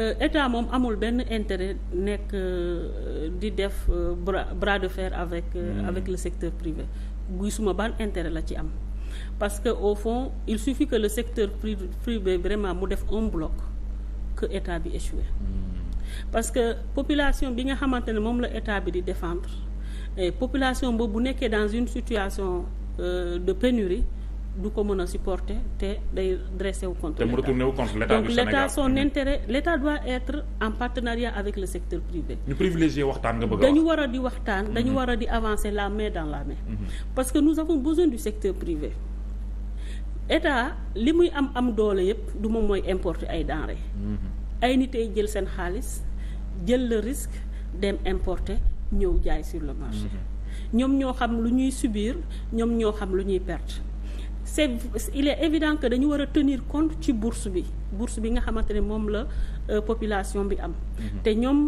Euh, état moom amul benn intéret nekk euh, di def euh, bras de fer avec hmm. avec le secteur privé suma ban intérêt la ci am parce que au fond il suffit que le secteur privé vraiment mu def un bloc que état bi échoué hmm. parce que population bi nga xamante ne moom la état bi di défendre et population boobu bu nekkee dans une situation de pénurie du ko mën a supporter te day dressé wu contre l'état te mu l'état donc l'état son mhm. intérêt l'état doit être en partenariat avec le secteur privé. ñu waxtaan nga bëgg dañu war a di waxtaan mhm. dañu war a di avancer la mais dans la main. Mhm. parce que nous avons besoin du secteur privé. état li muy am am doole yëpp du moom mooy importer ay denrées. ay nit ay jël seen xaalis jël le risque dem importer ñëw jaay sur le marché. ñoom ñoo xam lu ñuy subir ñoom ñoo xam lu ñuy perte. c'est il est évident que dañu war a tenir compte ci bourse bi bourse bi nga xamante ne moom la euh, population bi am mhm. te ñoom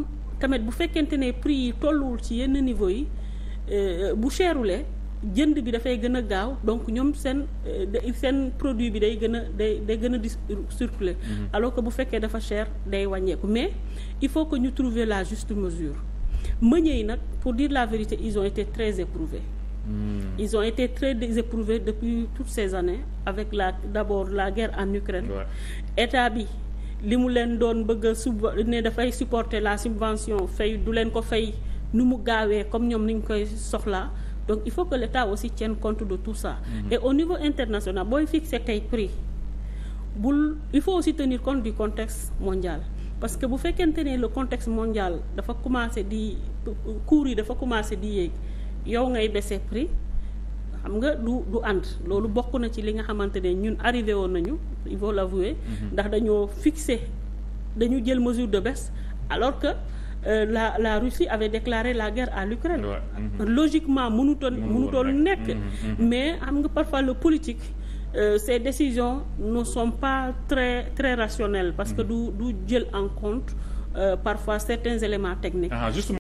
tamit bu fekkente ne prix yi tolluwul ci yenn niveau yi euh, bu cherulee jënd bi dafay gën a gaaw donc ñoom seen euh, seen produit bi day gën a day day gën a di circuler mhm. alors bu fekkee dafa cher day wàññeeku mais il faut que ñu trouver la juste mesure meunier yi nag pour dire la vérité ison ont été très éprouvés Mmh. Ils ont été très éprouvés depuis toutes ces années avec la d'abord la guerre en Ukraine. État ouais. bi li mu leen doon bëgg a sub ne dafay supporter la subvention fay du leen ko fay nu mu gaawee comme ñoom ñu koy soxla donc il faut que l'État aussi tienne compte de tout ça. Mmh. au niveau international booy fixer kay prix bul il faut aussi tenir compte du contexte mondial. parce que bu fekkente ne le contexte mondial dafa commencé di cours yi dafa commencé di yéeg. yow ngay baisser prix xam nga du du ànd loolu bokk na ci li nga xamante ne ñun arrivé woon nañu il mhm. ndax dañoo fixé dañu jël mesure de baisse alors que euh, la la Russie avait déclaré la guerre à l'Ukraine ouais. mm -hmm. logiquement mënutoon mënutoon nekk mhm, mhm. mais xam nga parfois le politique Euh, ces décisions ne sont pas très très rationnelles parce que du du jël en compte euh, parfois certains éléments techniques. Ah,